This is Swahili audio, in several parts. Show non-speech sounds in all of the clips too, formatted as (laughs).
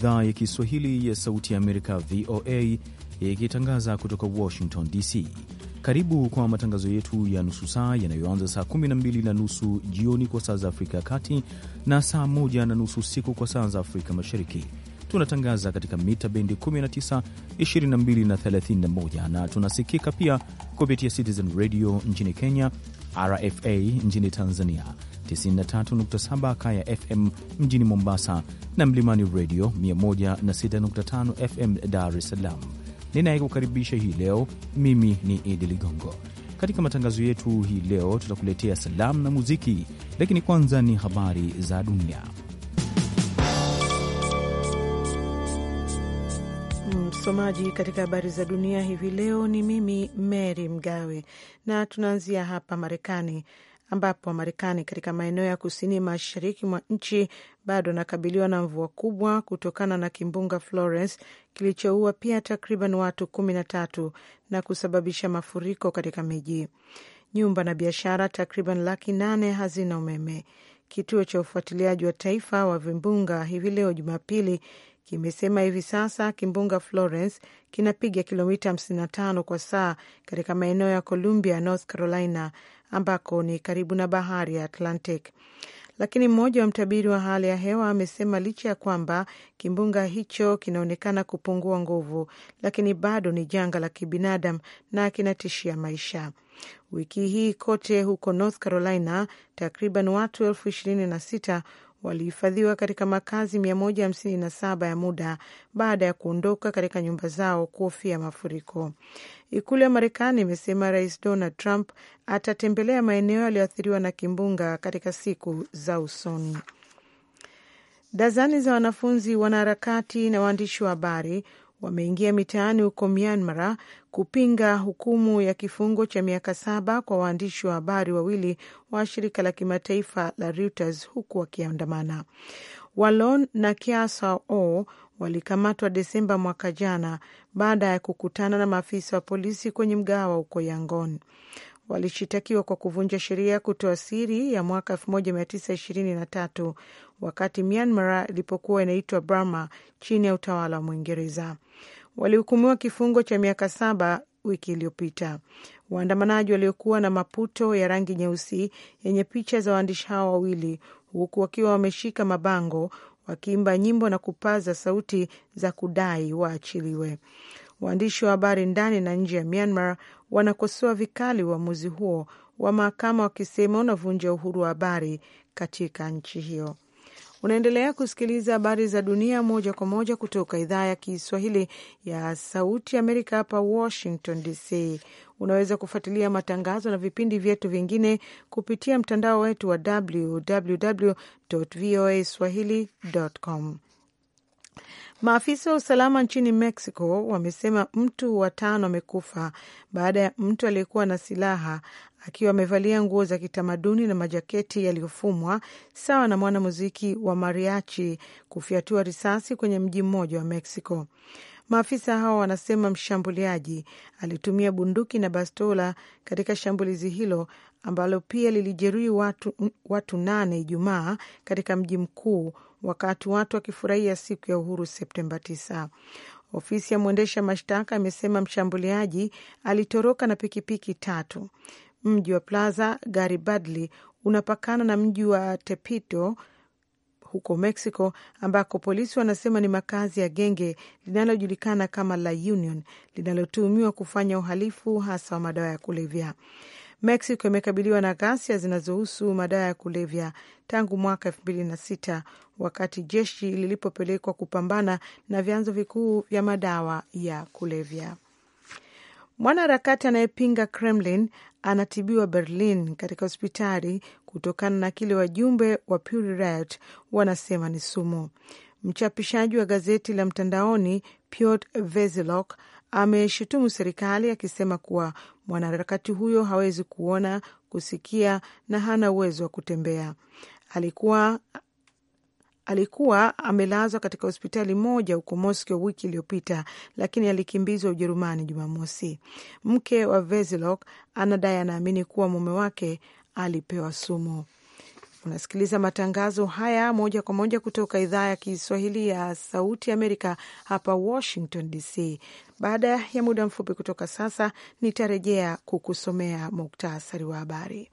idhaa ya Kiswahili ya Sauti ya Amerika, VOA, ikitangaza kutoka Washington DC. Karibu kwa matangazo yetu ya nusu saa yanayoanza saa 12 na nusu jioni kwa saa za Afrika ya Kati na saa 1 na nusu siku kwa saa za Afrika Mashariki. Tunatangaza katika mita bendi 19, 22 na 31 na tunasikika pia kupitia Citizen Radio nchini Kenya, RFA nchini Tanzania, 93.7 Kaya FM mjini Mombasa na Mlimani Radio 106.5 FM Dar es Salaam. Ninayekukaribisha hii leo mimi ni Idi Ligongo. Katika matangazo yetu hii leo tutakuletea salamu na muziki, lakini kwanza ni habari za dunia. Msomaji katika habari za dunia hivi leo ni mimi Mary Mgawe, na tunaanzia hapa Marekani ambapo Wamarekani katika maeneo ya kusini mashariki mwa nchi bado anakabiliwa na mvua kubwa kutokana na kimbunga Florence kilichoua pia takriban watu kumi na tatu na kusababisha mafuriko katika miji. Nyumba na biashara takriban laki nane hazina umeme. Kituo cha ufuatiliaji wa taifa wa vimbunga hivi leo Jumapili kimesema hivi sasa kimbunga Florence kinapiga kilomita 55 kwa saa katika maeneo ya Columbia, North Carolina, ambako ni karibu na bahari ya Atlantic. Lakini mmoja wa mtabiri wa hali ya hewa amesema licha ya kwamba kimbunga hicho kinaonekana kupungua nguvu, lakini bado ni janga la kibinadamu na kinatishia maisha. Wiki hii kote huko North Carolina, takriban watu elfu ishirini na sita walihifadhiwa katika makazi 157 ya muda baada ya kuondoka katika nyumba zao kuhofia mafuriko. Ikulu ya Marekani imesema Rais Donald Trump atatembelea maeneo yaliyoathiriwa na kimbunga katika siku za usoni. Dazani za wanafunzi, wanaharakati na waandishi wa habari wameingia mitaani huko Myanmar kupinga hukumu ya kifungo cha miaka saba kwa waandishi wa habari wawili wa shirika la kimataifa la Reuters huku wakiandamana. walon na Kiasa o walikamatwa Desemba mwaka jana baada ya kukutana na maafisa wa polisi kwenye mgahawa huko Yangon walishitakiwa kwa kuvunja sheria ya kutoa siri ya mwaka 1923 wakati Myanmar ilipokuwa inaitwa Burma chini ya utawala wa Mwingereza. Walihukumiwa kifungo cha miaka saba wiki iliyopita. Waandamanaji waliokuwa na maputo ya rangi nyeusi yenye picha za waandishi hao wawili, huku wakiwa wameshika mabango wakiimba nyimbo na kupaza sauti za kudai waachiliwe. Waandishi wa habari ndani na nje ya Myanmar wanakosoa vikali uamuzi huo wa mahakama wakisema unavunja uhuru wa habari katika nchi hiyo. Unaendelea kusikiliza habari za dunia moja kwa moja kutoka idhaa ya Kiswahili ya Sauti Amerika hapa Washington DC. Unaweza kufuatilia matangazo na vipindi vyetu vingine kupitia mtandao wetu wa www voa swahili com Maafisa wa usalama nchini Mexico wamesema mtu watano amekufa baada ya mtu aliyekuwa na silaha akiwa amevalia nguo za kitamaduni na majaketi yaliyofumwa sawa na mwanamuziki wa mariachi kufyatua risasi kwenye mji mmoja wa Mexico. Maafisa hao wanasema mshambuliaji alitumia bunduki na bastola katika shambulizi hilo ambalo pia lilijeruhi watu, watu nane Ijumaa katika mji mkuu wakati watu wakifurahia siku ya uhuru Septemba 9. Ofisi ya mwendesha mashtaka imesema mshambuliaji alitoroka na pikipiki tatu. Mji wa Plaza Garibaldli unapakana na mji wa Tepito huko Mexico ambako polisi wanasema ni makazi ya genge linalojulikana kama La Union linalotuhumiwa kufanya uhalifu hasa wa madawa ya kulevya. Mexico imekabiliwa na ghasia zinazohusu madawa ya kulevya tangu mwaka elfu mbili na sita wakati jeshi lilipopelekwa kupambana na vyanzo vikuu vya madawa ya kulevya. Mwanaharakati anayepinga Kremlin anatibiwa Berlin katika hospitali kutokana na kile wajumbe wa Pussy Riot wanasema ni sumu. Mchapishaji wa gazeti la mtandaoni Piotr Veselok ameshutumu serikali akisema kuwa mwanaharakati huyo hawezi kuona, kusikia na hana uwezo wa kutembea. Alikuwa alikuwa amelazwa katika hospitali moja huko Moscow wiki iliyopita, lakini alikimbizwa Ujerumani Jumamosi. Mke wa Veselok anadai anaamini kuwa mume wake alipewa sumu. Unasikiliza matangazo haya moja kwa moja kutoka idhaa ya Kiswahili ya Sauti Amerika hapa Washington DC. Baada ya muda mfupi kutoka sasa, nitarejea kukusomea muktasari wa habari.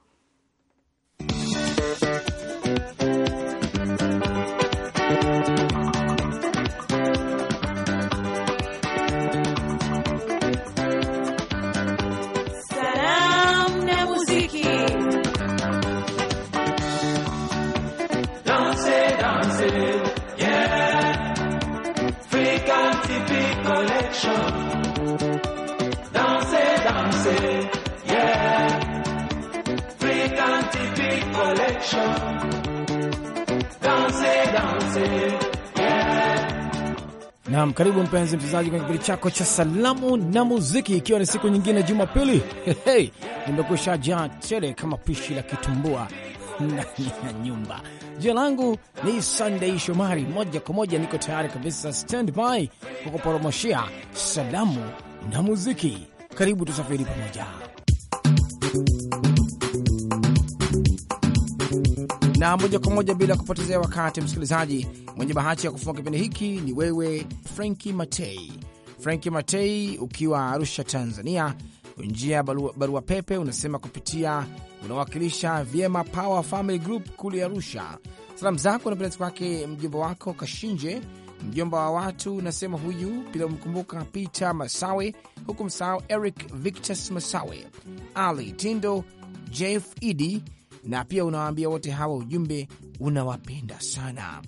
Naam, karibu mpenzi mchezaji kwenye kipindi chako cha salamu na muziki, ikiwa ni siku nyingine Jumapili. (laughs) Hey, hey, nimekusha jaa tele kama pishi la kitumbua ndani ya nyumba. Jina langu ni Sunday Shomari, moja kwa moja niko tayari kabisa standby kwa kuporomoshea salamu na muziki. Karibu tusafiri pamoja. na moja kwa moja bila kupotezea wakati, msikilizaji mwenye bahati ya kufunga kipindi hiki ni wewe franki Matei. franki Matei, ukiwa Arusha, Tanzania, njia ya barua, barua pepe unasema kupitia unawakilisha vyema Power Family Group kule Arusha. Salamu zako napeleza kwake mjomba wako Kashinje, mjomba wa watu unasema huyu bila kumkumbuka Peter Masawe, huku msahau Eric Victus Masawe, Ali Tindo, Jeff Idi, na pia unawaambia wote hawa ujumbe unawapenda sana.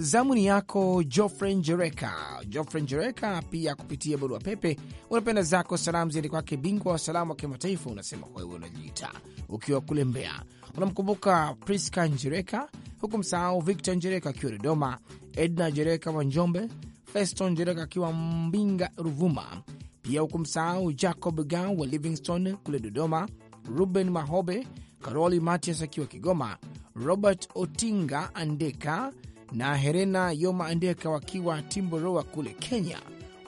Zamu ni yako Jofre Njereka. Jofre Njereka pia kupitia barua pepe unapenda zako salamu ziende kwake bingwa wa salamu wa kimataifa, unasema kwa hiyo unajiita ukiwa kule Mbeya. Unamkumbuka Priska Njereka, huku msahau Victor Njereka akiwa Dodoma, Edna Njereka wa Njombe, Feston Njereka akiwa Mbinga Ruvuma, pia huku msahau Jacob ga wa Livingston kule Dodoma, Ruben Mahobe, Karoli Matias akiwa Kigoma, Robert Otinga Andeka na Herena Yoma andeka wakiwa Timboroa kule Kenya.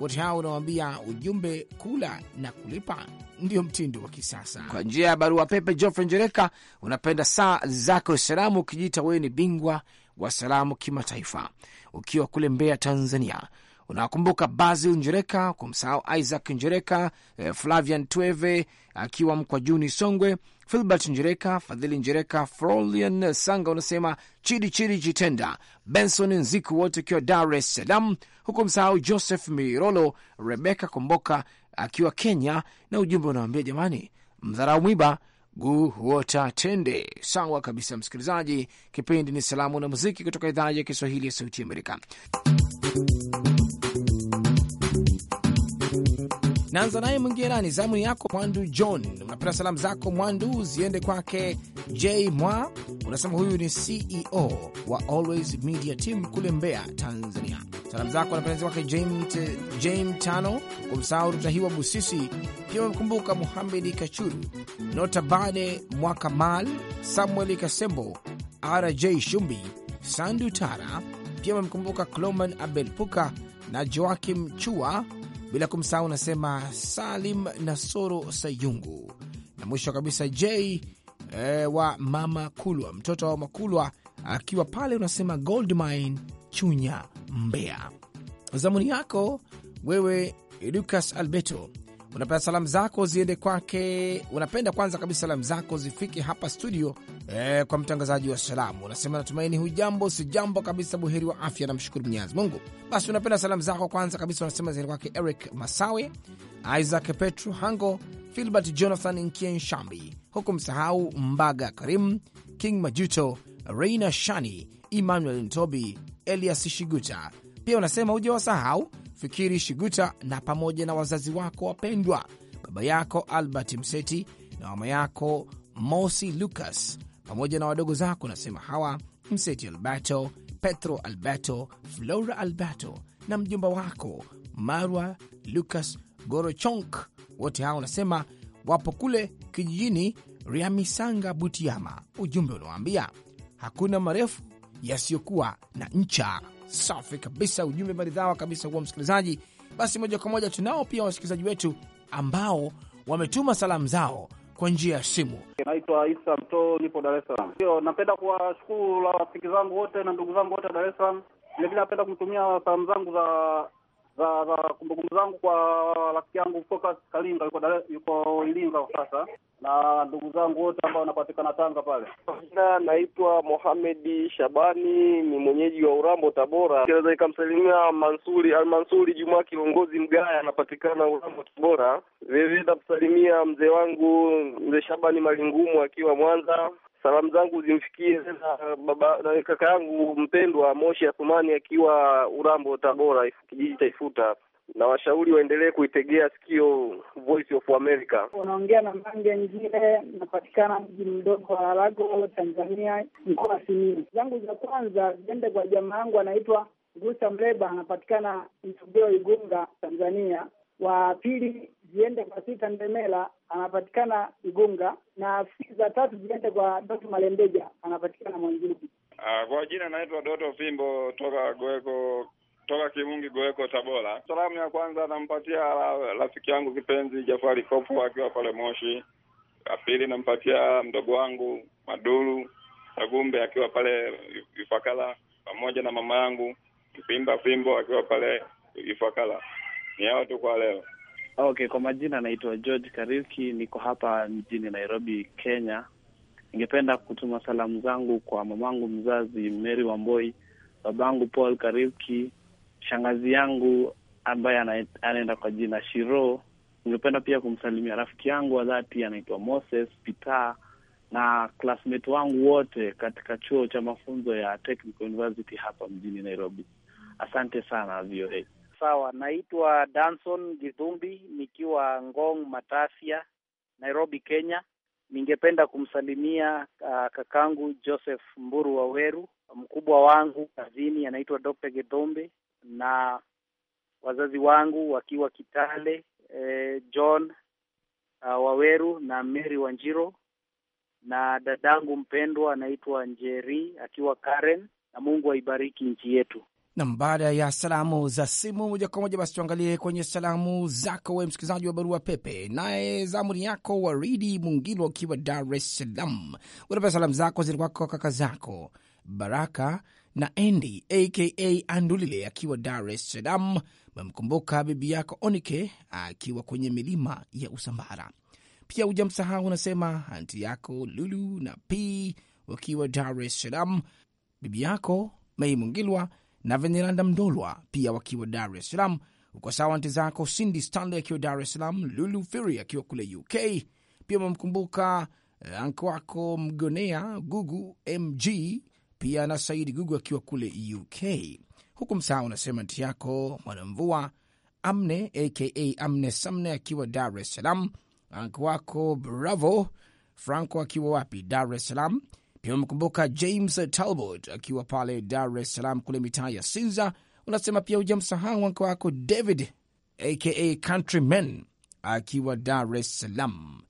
Wote hao unawambia ujumbe kula na kulipa ndio mtindo wa kisasa. Kwa njia ya barua pepe, Jofre Njereka, unapenda saa zako salamu, ukijiita wewe ni bingwa wa salamu kimataifa, ukiwa kule Mbeya, Tanzania unawakumbuka Basil Njereka, kumsahau Isaac Njereka, eh, Flavian Tweve akiwa mkwa Juni Songwe, Filbert Njereka, Fadhili Njereka, Frolian Sanga, unasema Chidi Chidi Jitenda, Benson Nziku, wote akiwa Dar es Salaam, huku msahau Joseph Mirolo, Rebeka Komboka akiwa Kenya, na ujumbe unawambia jamani, mdharau mwiba guu huota tende. Sawa kabisa, msikilizaji. Kipindi ni salamu na muziki kutoka idhaa ya Kiswahili ya Sauti Amerika. Naanza naye mwingie ni zamu yako Mwandu John. Unapenda salamu zako Mwandu ziende kwake J Mwa, unasema huyu ni CEO wa Always Media Team kule Mbeya, Tanzania. Salamu zako unapenda kwake James Tano, kumsahau Rutahiwa Busisi, pia amemkumbuka Muhamedi Kachuru, Notabane Mwakamal, Samueli Kasembo, RJ Shumbi, Sandu Tara, pia amemkumbuka Cloman Abel Puka na Joakim Chua bila kumsahau unasema Salim Nasoro Sayungu na mwisho kabisa J e, wa Mama Kulwa, mtoto wa Makulwa akiwa pale unasema Goldmine Chunya, Mbeya. Zamuni yako wewe Lucas Alberto unapenda salamu zako ziende kwake. Unapenda kwanza kabisa salamu zako zifike hapa studio e, kwa mtangazaji wa salamu. Unasema natumaini hujambo, si jambo kabisa, buheri wa afya, namshukuru Mwenyezi Mungu. Basi unapenda salamu zako kwanza kabisa unasema ziende kwake Eric Masawe, Isaac Petro Hango, Filbert Jonathan Nkien Shambi, huku msahau Mbaga Karim, King Majuto, Reina Shani, Emmanuel Ntobi, Elias Shiguta. Pia unasema huja wasahau Fikiri Shiguta na pamoja na wazazi wako wapendwa, baba yako Albert Mseti na mama yako Mosi Lucas pamoja na wadogo zako, nasema hawa Mseti Alberto, Petro Alberto, Flora Alberto na mjomba wako Marwa Lucas Gorochonk. Wote hawa unasema wapo kule kijijini Riamisanga, Butiama. Ujumbe unawaambia hakuna marefu yasiyokuwa na ncha. Safi kabisa, ujumbe maridhawa kabisa kuwa msikilizaji. Basi moja kwa moja tunao pia wasikilizaji wetu ambao wametuma salamu zao kwa njia ya simu. Naitwa Isa Mto, nipo Dar es Salaam. Ndio, napenda kuwashukuru rafiki zangu wote na ndugu zangu wote Dar es Salaam. Vilevile napenda kumtumia salamu zangu za za za kumbukumbu zangu kwa rafiki yangu Focus Kalinga, yuko dare, yuko Ilinga kwa sasa, na ndugu zangu wote ambao wanapatikana Tanga pale. Jina naitwa Mohamed Shabani, ni mwenyeji wa Urambo, Tabora. Naweza nikamsalimia Mansuri Almansuri Juma, kiongozi mgaya, anapatikana Urambo, Tabora. Vilevile nitamsalimia mzee wangu mzee Shabani Malingumu akiwa Mwanza. Salamu zangu zimfikie uh, baba na kaka yangu mpendwa Moshi Athumani akiwa Urambo, Tabora, kijiji cha Ifuta na washauri waendelee kuitegea sikio Voice of America. Unaongea na Mange Njile, napatikana mji mdogo wa Lago, Tanzania, mkoa Simiyu. Zangu za kwanza ziende kwa jamaa yangu anaitwa Gusa Mleba, anapatikana Mtogeo, Igunga, Tanzania wa pili ziende kwa Sita Ndemela anapatikana Igunga, na za tatu ziende kwa Doto Malembeja anapatikana Mwanzugu. Ah, kwa jina naitwa Doto Fimbo toka Goeko toka Kimungi Goeko Tabora. Salamu ya kwanza nampatia rafiki yangu kipenzi Jafari Kopo akiwa pale Moshi. Ya pili nampatia mdogo wangu Maduru Agumbe akiwa pale Ifakala pamoja na mama yangu Kipimba Fimbo akiwa pale Ifakala ni hao tu kwa leo. Okay, kwa majina naitwa George Kariuki, niko hapa mjini Nairobi, Kenya. Ningependa kutuma salamu zangu kwa mamangu mzazi Mary Wamboi, babangu Paul Kariuki, shangazi yangu ambaye anaenda kwa jina Shiro. Ningependa pia kumsalimia rafiki yangu wa dhati anaitwa Moses Pita na classmate wangu wote katika chuo cha mafunzo ya Technical University hapa mjini Nairobi. Asante sana VOA sawa. Naitwa Danson Githumbi nikiwa Ngong Matafia, Nairobi, Kenya. Ningependa kumsalimia uh, kakangu Joseph Mburu Waweru, mkubwa wangu kazini anaitwa Dr. Githumbi, na wazazi wangu wakiwa Kitale, eh, John uh, Waweru na Mary Wanjiro, na dadangu mpendwa anaitwa Njeri akiwa Karen, na Mungu aibariki nchi yetu. Nam, baada ya salamu za simu moja kwa moja basi tuangalie kwenye salamu zako we msikilizaji wa barua pepe. Naye zamuri yako Waridi Mungilo ukiwa Dar es Salaam, unapea salamu zako zilikuwa kaka zako Baraka na Endi aka Andulile akiwa Dar es Salaam. Memkumbuka bibi yako Onike akiwa kwenye milima ya Usambara, pia hujamsahau unasema anti yako Lulu na P wakiwa Dar es Salaam, bibi yako Mei Mungilwa na Veneranda Mdolwa pia wakiwa Dar es Salaam. Uko sawa nti zako Cindy Stanley akiwa Dar es Salaam, Lulu Fury akiwa kule UK pia umemkumbuka eh, anko wako Mgonea Gugu MG pia na Saidi Gugu akiwa kule UK huku msaa unasema nti yako Mwanamvua Amne aka Amne Samne akiwa Dar es Salaam, anko wako Bravo Franco akiwa wapi Dar es Salaam, pia umemkumbuka James Talbot akiwa pale Dar es Salaam kule mitaa ya Sinza. Unasema pia hujamsahau wanke wako David aka Countryman akiwa Dar es Salaam.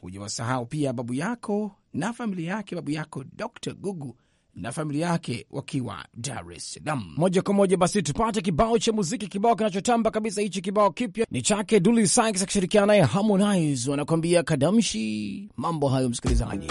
Hujawasahau pia babu yako na familia yake, babu yako Dr Gugu na familia yake wakiwa Dar es Salaam. Moja kwa moja basi tupate kibao cha muziki, kibao kinachotamba kabisa. Hichi kibao kipya ni chake Dully Sykes akishirikiana naye Harmonize, wanakuambia kadamshi. Mambo hayo msikilizaji.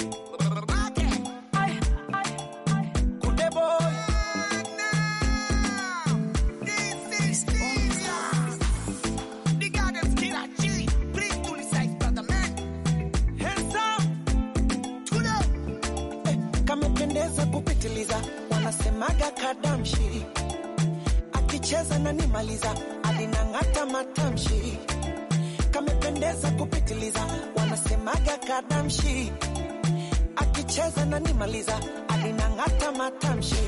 Sikiliza, wanasemaga kadamshi, akicheza na nimaliza, alinang'ata matamshi, kamependeza kupitiliza. Wanasemaga kadamshi, akicheza na nimaliza, alinang'ata matamshi.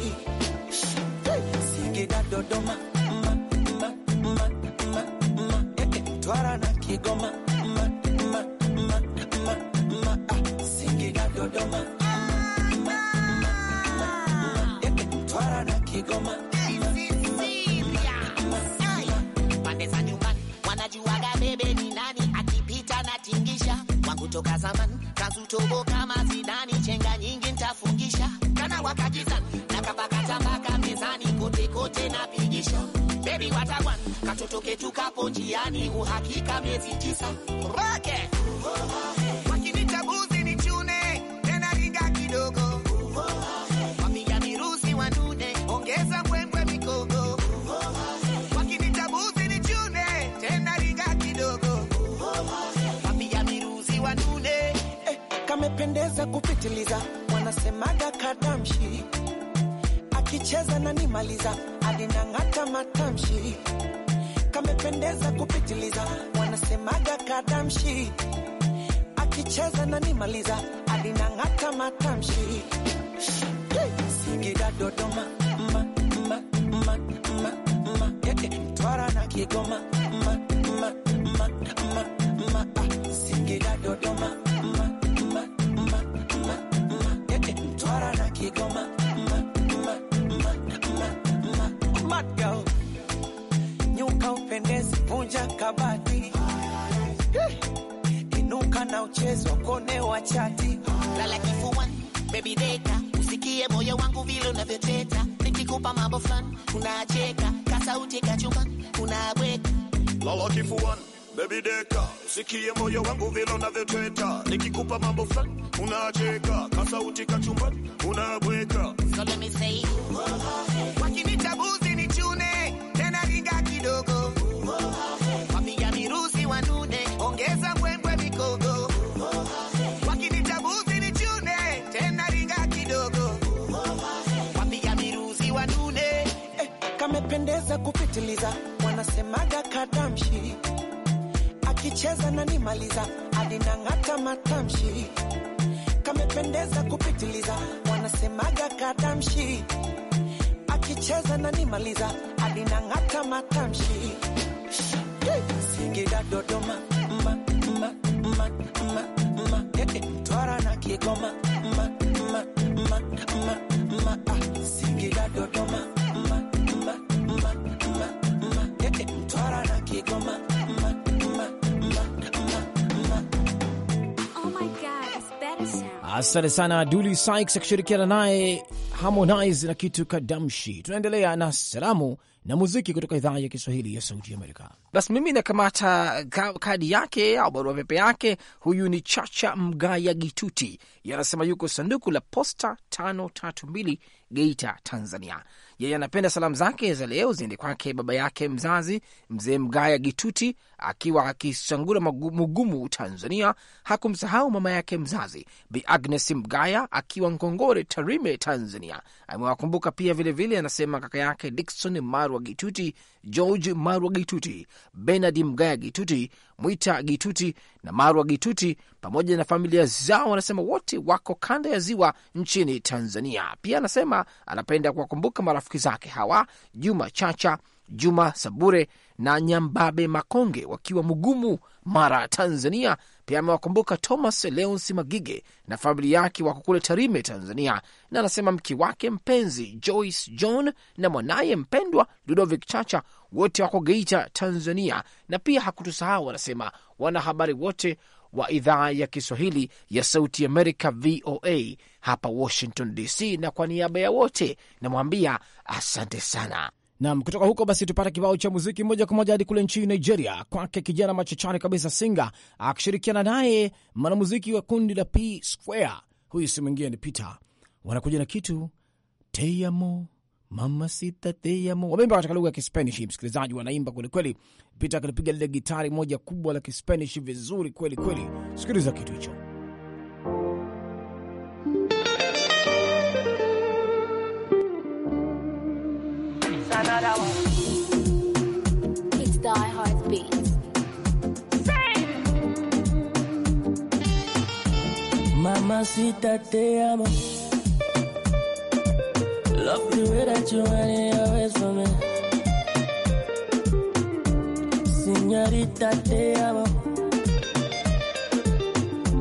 Singida, Dodoma, ma, ma, ma, ma, ma, eh, eh. Twara na Kigoma, ma, ma, ma, ma, ma, ah, Singida, Dodoma Kigoma pande za nyumbani wanajuaga bebe ni nani, akipita na tingisha toka zamani, kazutobo kama Zidani, chenga nyingi ntafungisha, kana wakakiza na kabakatabaka mezani, kote kote napigisha bebi watawan katotoke tukapo njiani, uhakika miezi tisa rake Anacheza kupitiliza, wanasemaga kadamshi, akicheza na nimaliza, alinang'ata matamshi, kamependeza kupitiliza, wanasemaga kadamshi, akicheza na nimaliza, alinang'ata matamshi. Singida, Dodoma, ma, ma, ma, ma, ma, eh, eh, Mtwara na Kigoma, ma, ma, ma, ma, ma, ma, ah, Singida, Dodoma kigoma nyuka upendezi, punja kabati, inuka na uchezwa kone wa chati, lala kifua baby deka, usikie moyo wangu vile unavyoteta, nikikupa mambo fulani unacheka, kasauti kachumba unabweka, lala kifua Baby deka, sikie moyo wangu vile unavyoteta, nikikupa mambo fulani unacheka, kasauti kachumbani unabweka, so let me say wakinitabuzi nichune tena ringa kidogo, wapiga miruzi wanune, ongeza mbwembwe mikogo, eh, kamependeza kupitiliza, wanasemaga kadamshi cheza na nimaliza hadi nang'ata matamshi kamependeza kupitiliza wanasemaga kadamshi akicheza na nimaliza hadi nang'ata matamshi Singida Dodoma ma, ma, ma, ma, ma. Eh, eh, Twara na Kigoma ma, ma, ma, ma, ma. Ah, Singida Dodoma ma, ma, ma, ma, ma. Eh, eh, Twara na Kigoma Asante sana Duli Sykes akishirikiana naye Harmonize na kitu kadamshi. Tunaendelea na salamu na muziki kutoka idhaa ya Kiswahili ya Sauti ya Amerika. Basi mimi nakamata kadi yake au barua pepe yake. Huyu ni Chacha Mgaya Gituti, yanasema yuko sanduku la posta 532 Geita, Tanzania. Yeye anapenda salamu zake za leo ziende kwake baba yake mzazi mzee Mgaya Gituti akiwa akisangura Mugumu, Tanzania. Hakumsahau mama yake mzazi Bi Agnes Mgaya akiwa Ngongore, Tarime, Tanzania. Amewakumbuka pia vilevile vile, anasema kaka yake Dikson Marwa Gituti, George Marwa Gituti, Benard Mgaya Gituti Mwita Gituti na Marwa Gituti pamoja na familia zao, wanasema wote wako kanda ya ziwa nchini Tanzania. Pia anasema anapenda kuwakumbuka marafiki zake hawa Juma Chacha, Juma Sabure na Nyambabe Makonge wakiwa Mgumu mara, Tanzania pia amewakumbuka Thomas Leonsi Magige na familia yake wako kule Tarime, Tanzania, na anasema mke wake mpenzi Joyce John na mwanaye mpendwa Ludovic Chacha wote wako Geita, Tanzania, na pia hakutusahau, anasema wanahabari wote wa idhaa ya Kiswahili ya Sauti Amerika, VOA hapa Washington DC, na kwa niaba ya wote namwambia asante sana. Nam, kutoka huko basi tupata kibao cha muziki moja kwa moja hadi kule nchini Nigeria, kwake kijana machachari kabisa Singa akishirikiana naye mwanamuziki wa kundi la P Square, huyu si mwingine ni Peter. Wanakuja na kitu teyamo mama sita teyamo, wameimba katika lugha ya Kispanish. Msikilizaji, wanaimba kwelikweli. Peter akilipiga lile gitari moja kubwa la Kispanish vizuri kwelikweli. Sikiliza kitu hicho. what I want. It's Die Hard Beats. Mamacita, te amo. Love the way that you want it always for me. Senorita, te amo.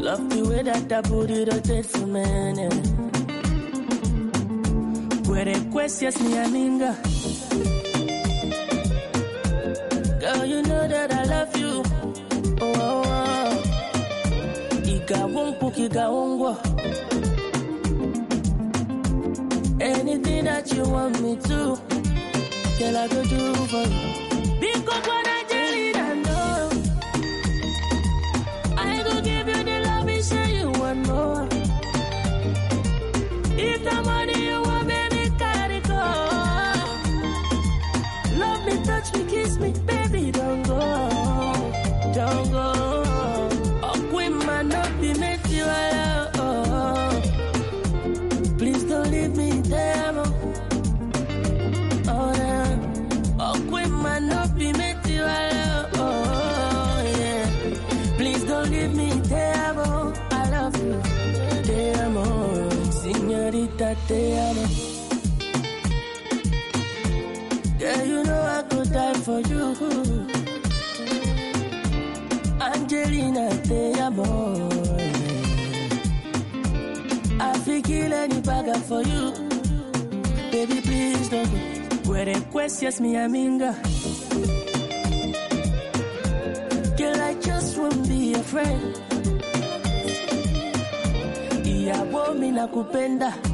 Love the way that that booty rotate for me. Cuerecuecias, mi amiga. know that I love you. Oh, oh, oh. Igawunku, Igawungwa. Anything that you want me to, girl, I go do for you. Because that they are. Yeah, you know I could die for you. Angelina, they are more. I feel kill any bagger for you. Baby, please don't go. Where the questions me, Aminga. Girl, I just won't be a friend. Yeah, woman, I could bend that.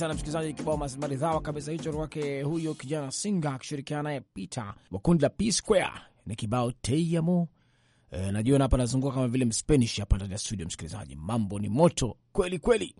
sana msikilizaji, kibao maridhawa kabisa hicho wake huyo kijana Singa akishirikiana naye Peter wa kundi la P Square na kibao Teyamo. E, eh, najiona hapa nazunguka kama vile Mspanish hapa ndani ya studio. Msikilizaji, mambo ni moto kweli kweli.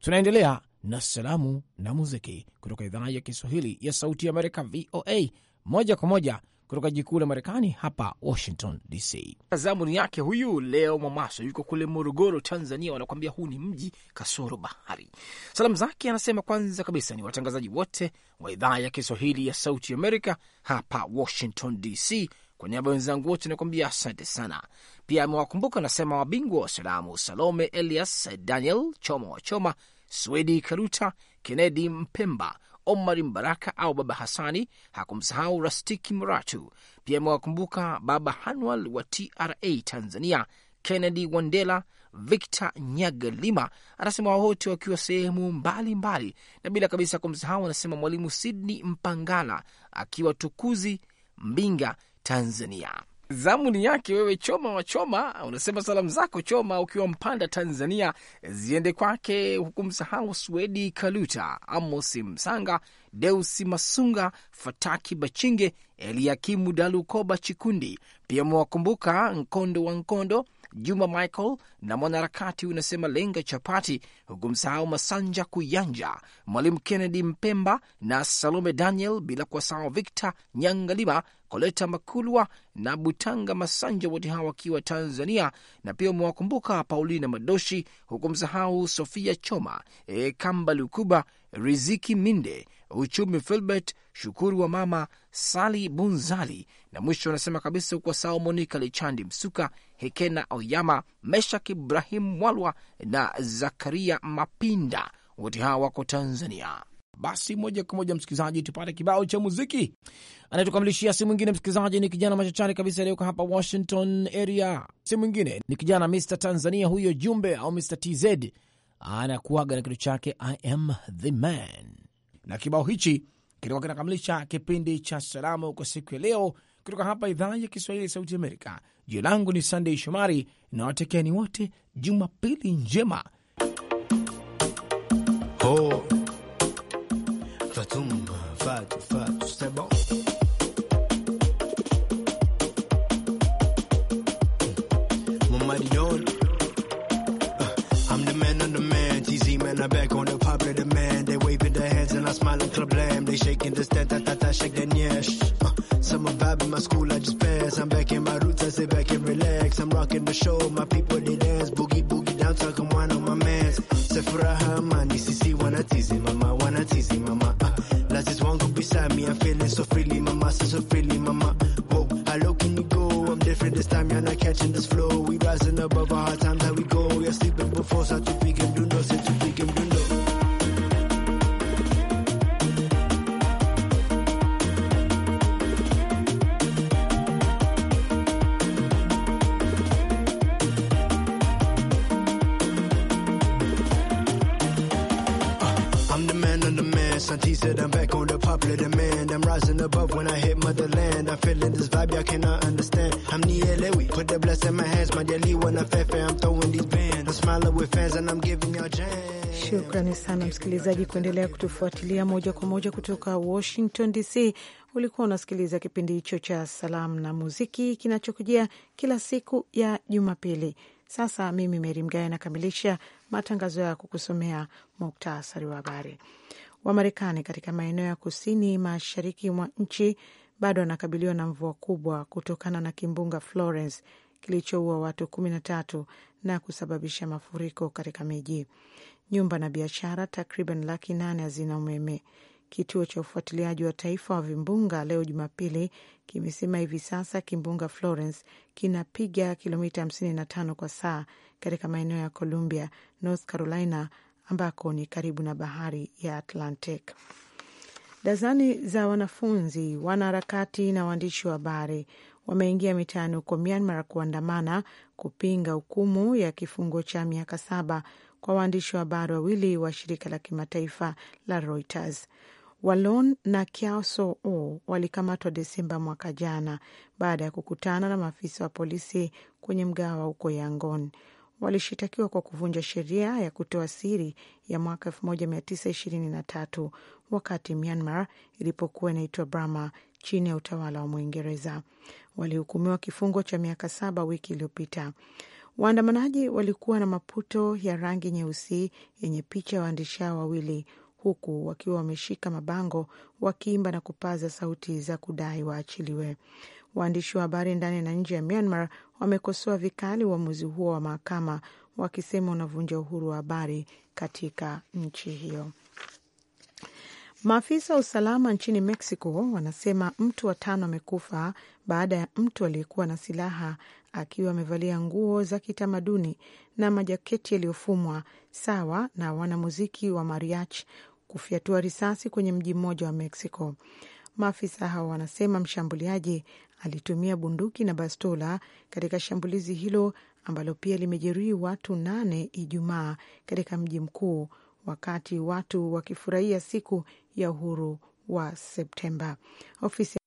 Tunaendelea na salamu na muziki kutoka idhaa ya Kiswahili ya Sauti ya Amerika, VOA, moja kwa moja kutoka jikuu la Marekani hapa Washington DC. Zamuni yake huyu leo Mwamaso yuko kule Morogoro, Tanzania. Wanakuambia huu ni mji kasoro bahari. Salamu zake anasema kwanza kabisa ni watangazaji wote wa idhaa ya Kiswahili ya Sauti Amerika hapa Washington DC. Kwa niaba ya wenzangu wote nakuambia asante sana. Pia amewakumbuka anasema wabingwa wa salamu, Salome Elias, Daniel Choma wa Choma, Swedi Karuta, Kennedi Mpemba Omar Mbaraka au Baba Hasani. Hakumsahau Rastiki Muratu. Pia amewakumbuka Baba Hanwal wa TRA Tanzania, Kennedy Wandela, Victor Nyagalima. Anasema wote wakiwa sehemu mbalimbali, na bila kabisa kumsahau, anasema Mwalimu Sidney Mpangala akiwa Tukuzi, Mbinga, Tanzania. Zamu ni yake wewe, Choma wa Choma, unasema salamu zako Choma ukiwa Mpanda, Tanzania, ziende kwake, huku msahau Swedi Kaluta, Amosi Msanga, Deusi Masunga, Fataki Bachinge, Eliakimu Dalukoba Chikundi. Pia mwakumbuka Nkondo wa Nkondo, Juma Michael na mwanaharakati unasema Lenga Chapati, huku msahau Masanja Kuyanja, Mwalimu Kennedy Mpemba na Salome Daniel, bila kuwasahau Victor Nyangalima, Koleta Makulwa na Butanga Masanja, wote hawa wakiwa Tanzania. Na pia umewakumbuka Paulina Madoshi, huku msahau Sofia Choma, e, Kamba Lukuba, Riziki Minde uchumi Filbert Shukuru wa mama Sali Bunzali, na mwisho anasema kabisa kwa Salmoni Kalichandi Msuka, Hekena Oyama, Meshak Ibrahim Mwalwa na Zakaria Mapinda, wote hawa wako Tanzania. Basi moja kwa moja msikilizaji, tupate kibao cha muziki. Anayetukamilishia si mwingine msikilizaji, ni kijana machachari kabisa aliyoka hapa Washington area, si mwingine ni kijana Mr Tanzania huyo Jumbe au Mr TZ, anakuaga na kitu chake I am the man na kibao hichi kilikuwa kinakamilisha kipindi cha salamu kwa siku ya leo kutoka hapa idhaa ya Kiswahili ya Sauti Amerika. Jina langu ni Sandey Shomari na watekeani wote Jumapili njema ho. understand at that I uh, shake then yes. summer vibe in my school, I just pass. I'm back in my roots, I sit back and relax. I'm rocking the show, my people they dance. Boogie boogie down, talk I'm one of my mans. Sefuraha mani, sisi wanna tease him, mama, wanna tease him, mama. Uh, last is one go beside me, I'm feeling so freely, mama, so, so freely, mama. Whoa, how low can you go? I'm different this time, you're not catching this flow. We rising above I'm feeling this vibe, y'all cannot understand. I'm Hamnielewi, put the bless in my hands, majaliwa na fefe, I'm throwing these bands. I'm smiling with fans and I'm giving y'all jam. Shukrani sana msikilizaji kuendelea kutufuatilia moja kwa moja kutoka Washington DC. Ulikuwa unasikiliza kipindi hicho cha salamu na muziki kinachokujia kila siku ya Jumapili. Sasa mimi Meri Mgawe nakamilisha matangazo ya kukusomea muktasari wa habari. Wamarekani katika maeneo ya kusini mashariki mwa nchi bado anakabiliwa na mvua kubwa kutokana na kimbunga Florence kilichoua watu kumi na tatu na kusababisha mafuriko katika miji. Nyumba na biashara takriban laki nane hazina umeme. Kituo cha ufuatiliaji wa taifa wa vimbunga leo Jumapili kimesema hivi sasa kimbunga Florence kinapiga kilomita 55 kwa saa katika maeneo ya Columbia, North Carolina ambako ni karibu na bahari ya Atlantic. Dazani za wanafunzi, wanaharakati na waandishi wa habari wameingia mitaani huko Myanmar kuandamana kupinga hukumu ya kifungo cha miaka saba kwa waandishi wa habari wawili wa shirika la kimataifa la Reuters. walon na Kiaso O walikamatwa Desemba mwaka jana baada ya kukutana na maafisa wa polisi kwenye mgawa huko Yangon walishitakiwa kwa kuvunja sheria ya kutoa siri ya mwaka 1923 wakati Myanmar ilipokuwa inaitwa Burma chini ya utawala wa Mwingereza. Walihukumiwa kifungo cha miaka saba wiki iliyopita. Waandamanaji walikuwa na maputo ya rangi nyeusi yenye picha ya waandishi hao wawili huku wakiwa wameshika mabango wakiimba na kupaza sauti za kudai waachiliwe. Waandishi wa habari ndani na nje ya Myanmar wamekosoa vikali uamuzi wa huo wa mahakama wakisema unavunja uhuru wa habari katika nchi hiyo. Maafisa wa usalama nchini Mexico wanasema mtu watano amekufa baada ya mtu aliyekuwa na silaha akiwa amevalia nguo za kitamaduni na majaketi yaliyofumwa sawa na wanamuziki wa mariachi kufyatua risasi kwenye mji mmoja wa Mexico. Maafisa hao wanasema mshambuliaji alitumia bunduki na bastola katika shambulizi hilo ambalo pia limejeruhi watu nane Ijumaa katika mji mkuu, wakati watu wakifurahia siku ya uhuru wa Septemba. Ofisi